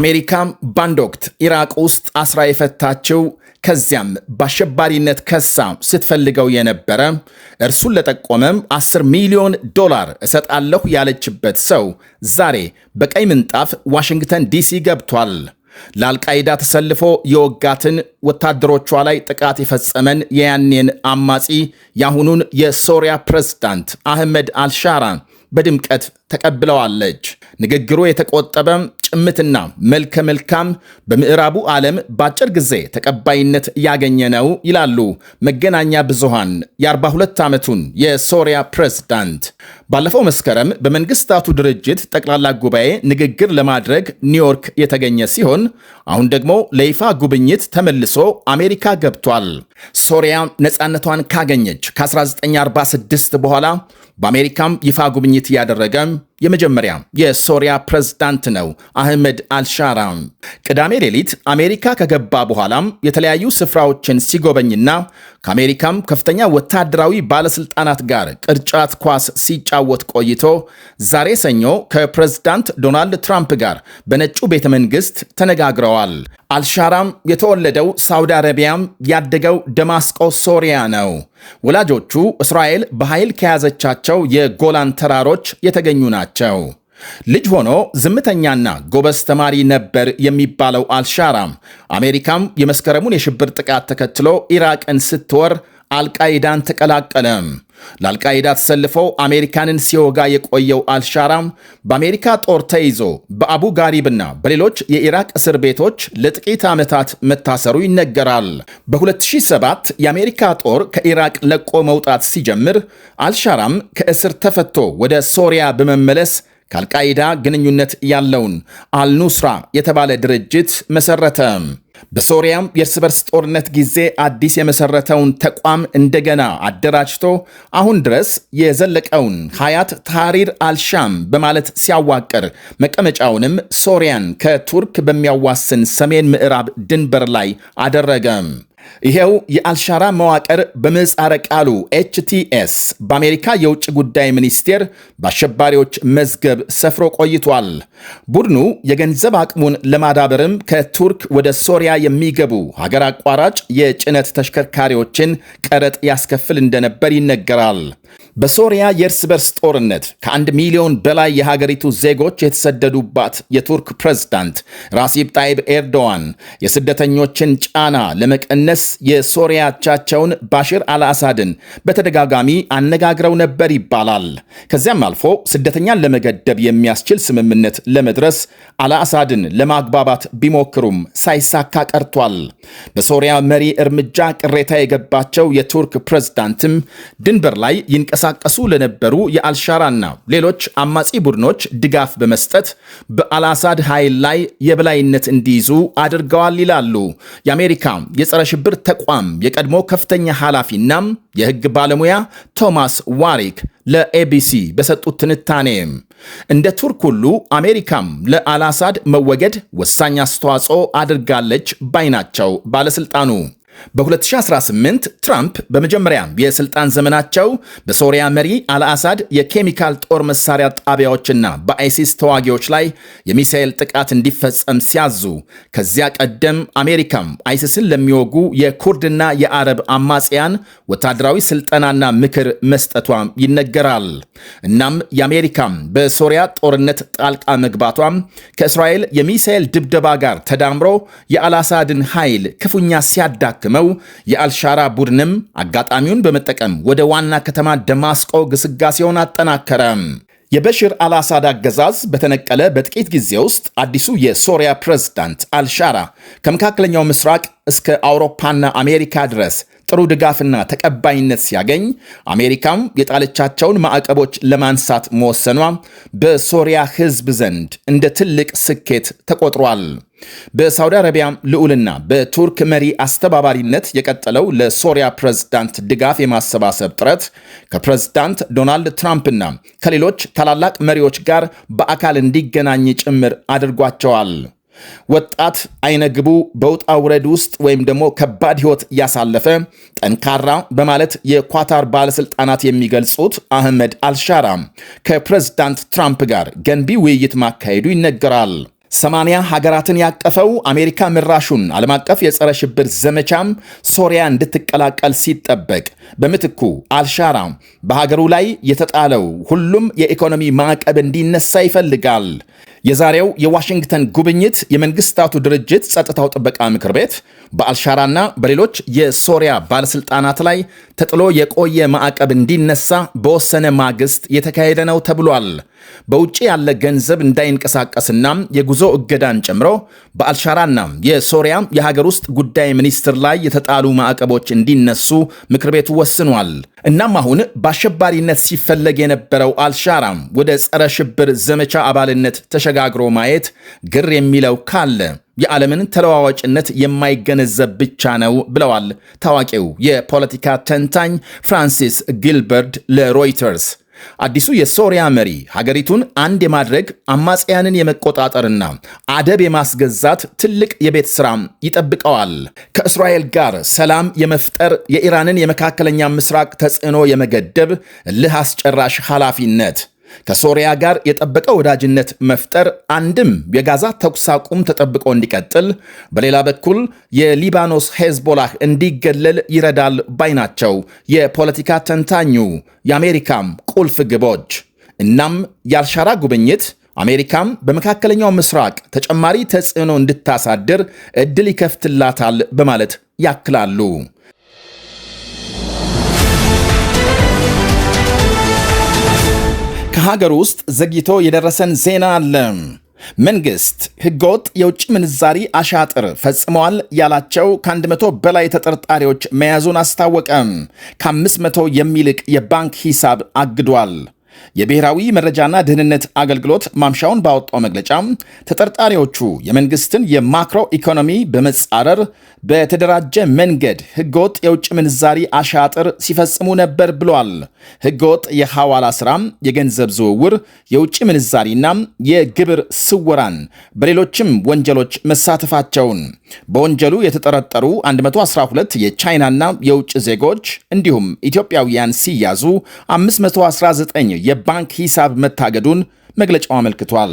አሜሪካም በአንድ ወቅት ኢራቅ ውስጥ አስራ የፈታችው ከዚያም በአሸባሪነት ከሳ ስትፈልገው የነበረ እርሱን ለጠቆመም 10 ሚሊዮን ዶላር እሰጣለሁ ያለችበት ሰው ዛሬ በቀይ ምንጣፍ ዋሽንግተን ዲሲ ገብቷል። ለአልቃይዳ ተሰልፎ የወጋትን ወታደሮቿ ላይ ጥቃት የፈጸመን የያኔን አማጺ የአሁኑን የሶሪያ ፕሬዝዳንት አህመድ አልሻራ በድምቀት ተቀብለዋለች። ንግግሩ የተቆጠበም ጭምትና መልከ መልካም በምዕራቡ ዓለም በአጭር ጊዜ ተቀባይነት ያገኘ ነው ይላሉ መገናኛ ብዙሃን የ42 ዓመቱን የሶሪያ ፕሬዝዳንት። ባለፈው መስከረም በመንግስታቱ ድርጅት ጠቅላላ ጉባኤ ንግግር ለማድረግ ኒውዮርክ የተገኘ ሲሆን አሁን ደግሞ ለይፋ ጉብኝት ተመልሶ አሜሪካ ገብቷል። ሶሪያ ነፃነቷን ካገኘች ከ1946 በኋላ በአሜሪካም ይፋ ጉብኝት እያደረገ የመጀመሪያ የሶሪያ ፕሬዝዳንት ነው አህመድ አልሻራም ቅዳሜ ሌሊት አሜሪካ ከገባ በኋላም የተለያዩ ስፍራዎችን ሲጎበኝና ከአሜሪካም ከፍተኛ ወታደራዊ ባለስልጣናት ጋር ቅርጫት ኳስ ሲጫወት ቆይቶ ዛሬ ሰኞ ከፕሬዝዳንት ዶናልድ ትራምፕ ጋር በነጩ ቤተ መንግስት ተነጋግረዋል። አልሻራም የተወለደው ሳውዲ አረቢያም ያደገው ደማስቆ ሶሪያ ነው። ወላጆቹ እስራኤል በኃይል ከያዘቻቸው የጎላን ተራሮች የተገኙ ናቸው። ናቸው። ልጅ ሆኖ ዝምተኛና ጎበዝ ተማሪ ነበር የሚባለው አልሻራም አሜሪካም የመስከረሙን የሽብር ጥቃት ተከትሎ ኢራቅን ስትወር አልቃይዳን ተቀላቀለም። ለአልቃይዳ ተሰልፈው አሜሪካንን ሲወጋ የቆየው አልሻራም በአሜሪካ ጦር ተይዞ በአቡ ጋሪብና በሌሎች የኢራቅ እስር ቤቶች ለጥቂት ዓመታት መታሰሩ ይነገራል። በ2007 የአሜሪካ ጦር ከኢራቅ ለቆ መውጣት ሲጀምር አልሻራም ከእስር ተፈቶ ወደ ሶሪያ በመመለስ ከአልቃይዳ ግንኙነት ያለውን አልኑስራ የተባለ ድርጅት መሠረተ። በሶሪያም የእርስ በርስ ጦርነት ጊዜ አዲስ የመሰረተውን ተቋም እንደገና አደራጅቶ አሁን ድረስ የዘለቀውን ሀያት ታሪር አልሻም በማለት ሲያዋቅር መቀመጫውንም ሶሪያን ከቱርክ በሚያዋስን ሰሜን ምዕራብ ድንበር ላይ አደረገም። ይሄው የአልሻራ መዋቅር በምህጻረ ቃሉ ኤችቲኤስ በአሜሪካ የውጭ ጉዳይ ሚኒስቴር በአሸባሪዎች መዝገብ ሰፍሮ ቆይቷል። ቡድኑ የገንዘብ አቅሙን ለማዳበርም ከቱርክ ወደ ሶሪያ የሚገቡ ሀገር አቋራጭ የጭነት ተሽከርካሪዎችን ቀረጥ ያስከፍል እንደነበር ይነገራል። በሶሪያ የእርስ በርስ ጦርነት ከአንድ ሚሊዮን በላይ የሀገሪቱ ዜጎች የተሰደዱባት የቱርክ ፕሬዝዳንት ራሲብ ጣይብ ኤርዶዋን የስደተኞችን ጫና ለመቀነስ የሶሪያቻቸውን ባሽር አልአሳድን በተደጋጋሚ አነጋግረው ነበር ይባላል። ከዚያም አልፎ ስደተኛን ለመገደብ የሚያስችል ስምምነት ለመድረስ አልአሳድን ለማግባባት ቢሞክሩም ሳይሳካ ቀርቷል። በሶሪያ መሪ እርምጃ ቅሬታ የገባቸው የቱርክ ፕሬዝዳንትም ድንበር ላይ ይንቀሳቀሱ ለነበሩ የአልሻራና ሌሎች አማጺ ቡድኖች ድጋፍ በመስጠት በአልአሳድ ኃይል ላይ የበላይነት እንዲይዙ አድርገዋል ይላሉ የአሜሪካ የጸረ ሽብር ተቋም የቀድሞ ከፍተኛ ኃላፊና የሕግ ባለሙያ ቶማስ ዋሪክ ለኤቢሲ በሰጡት ትንታኔ እንደ ቱርክ ሁሉ አሜሪካም ለአልአሳድ መወገድ ወሳኝ አስተዋጽኦ አድርጋለች ባይ ናቸው ባለሥልጣኑ። በ2018 ትራምፕ በመጀመሪያ የስልጣን ዘመናቸው በሶሪያ መሪ አልአሳድ የኬሚካል ጦር መሳሪያ ጣቢያዎችና በአይሲስ ተዋጊዎች ላይ የሚሳኤል ጥቃት እንዲፈጸም ሲያዙ ከዚያ ቀደም አሜሪካም አይሲስን ለሚወጉ የኩርድና የአረብ አማጽያን ወታደራዊ ስልጠናና ምክር መስጠቷም ይነገራል። እናም የአሜሪካም በሶሪያ ጦርነት ጣልቃ መግባቷም ከእስራኤል የሚሳኤል ድብደባ ጋር ተዳምሮ የአልአሳድን ኃይል ክፉኛ ሲያዳ የሚያክመው የአልሻራ ቡድንም አጋጣሚውን በመጠቀም ወደ ዋና ከተማ ደማስቆ ግስጋሴውን አጠናከረ። የበሽር አልአሳድ አገዛዝ በተነቀለ በጥቂት ጊዜ ውስጥ አዲሱ የሶሪያ ፕሬዝዳንት አልሻራ ከመካከለኛው ምስራቅ እስከ አውሮፓና አሜሪካ ድረስ ጥሩ ድጋፍና ተቀባይነት ሲያገኝ አሜሪካም የጣለቻቸውን ማዕቀቦች ለማንሳት መወሰኗ በሶሪያ ሕዝብ ዘንድ እንደ ትልቅ ስኬት ተቆጥሯል። በሳውዲ አረቢያ ልዑልና በቱርክ መሪ አስተባባሪነት የቀጠለው ለሶሪያ ፕሬዝዳንት ድጋፍ የማሰባሰብ ጥረት ከፕሬዝዳንት ዶናልድ ትራምፕና ከሌሎች ታላላቅ መሪዎች ጋር በአካል እንዲገናኝ ጭምር አድርጓቸዋል። ወጣት አይነግቡ በውጣ ውረድ ውስጥ ወይም ደግሞ ከባድ ሕይወት ያሳለፈ ጠንካራ በማለት የኳታር ባለሥልጣናት የሚገልጹት አህመድ አልሻራ ከፕሬዝዳንት ትራምፕ ጋር ገንቢ ውይይት ማካሄዱ ይነገራል። ሰማንያ ሀገራትን ያቀፈው አሜሪካ ምራሹን ዓለም አቀፍ የጸረ ሽብር ዘመቻም ሶሪያ እንድትቀላቀል ሲጠበቅ በምትኩ አልሻራም በሀገሩ ላይ የተጣለው ሁሉም የኢኮኖሚ ማዕቀብ እንዲነሳ ይፈልጋል። የዛሬው የዋሽንግተን ጉብኝት የመንግስታቱ ድርጅት ጸጥታው ጥበቃ ምክር ቤት በአልሻራና በሌሎች የሶሪያ ባለሥልጣናት ላይ ተጥሎ የቆየ ማዕቀብ እንዲነሳ በወሰነ ማግስት የተካሄደ ነው ተብሏል። በውጭ ያለ ገንዘብ እንዳይንቀሳቀስና የጉዞ እገዳን ጨምሮ በአልሻራና የሶሪያ የሀገር ውስጥ ጉዳይ ሚኒስትር ላይ የተጣሉ ማዕቀቦች እንዲነሱ ምክር ቤቱ ወስኗል። እናም አሁን በአሸባሪነት ሲፈለግ የነበረው አልሻራ ወደ ጸረ ሽብር ዘመቻ አባልነት ተሸጋግሮ ማየት ግር የሚለው ካለ የዓለምን ተለዋዋጭነት የማይገነዘብ ብቻ ነው ብለዋል ታዋቂው የፖለቲካ ተንታኝ ፍራንሲስ ጊልበርድ ለሮይተርስ። አዲሱ የሶሪያ መሪ ሀገሪቱን አንድ የማድረግ አማጽያንን የመቆጣጠርና አደብ የማስገዛት ትልቅ የቤት ሥራ ይጠብቀዋል። ከእስራኤል ጋር ሰላም የመፍጠር የኢራንን የመካከለኛ ምስራቅ ተጽዕኖ የመገደብ እልህ አስጨራሽ ኃላፊነት ከሶሪያ ጋር የጠበቀ ወዳጅነት መፍጠር አንድም የጋዛ ተኩስ አቁም ተጠብቆ እንዲቀጥል፣ በሌላ በኩል የሊባኖስ ሄዝቦላህ እንዲገለል ይረዳል ባይ ናቸው የፖለቲካ ተንታኙ። የአሜሪካም ቁልፍ ግቦች እናም የአልሻራ ጉብኝት አሜሪካም በመካከለኛው ምስራቅ ተጨማሪ ተጽዕኖ እንድታሳድር እድል ይከፍትላታል በማለት ያክላሉ። ሀገር ውስጥ ዘግይቶ የደረሰን ዜና አለ። መንግስት ህገወጥ የውጭ ምንዛሪ አሻጥር ፈጽመዋል ያላቸው ከ100 በላይ ተጠርጣሪዎች መያዙን አስታወቀም። ከ500 የሚልቅ የባንክ ሂሳብ አግዷል። የብሔራዊ መረጃና ደህንነት አገልግሎት ማምሻውን ባወጣው መግለጫ ተጠርጣሪዎቹ የመንግስትን የማክሮ ኢኮኖሚ በመጻረር በተደራጀ መንገድ ህገወጥ የውጭ ምንዛሪ አሻጥር ሲፈጽሙ ነበር ብሏል። ህገወጥ የሐዋላ ስራ የገንዘብ ዝውውር፣ የውጭ ምንዛሪና የግብር ስወራን በሌሎችም ወንጀሎች መሳተፋቸውን በወንጀሉ የተጠረጠሩ 112 የቻይናና የውጭ ዜጎች እንዲሁም ኢትዮጵያውያን ሲያዙ 519 የባንክ ሂሳብ መታገዱን መግለጫው አመልክቷል።